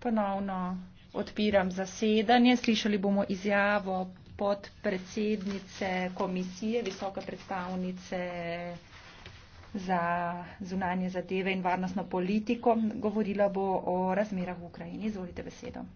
ponovno odpiram zasedanje slišali bomo izjavo podpredsednice komisije visoke predstavnice za zunanje zadeve in varnostno politiko govorila bo o razmerah v ukrajini izvolite besedo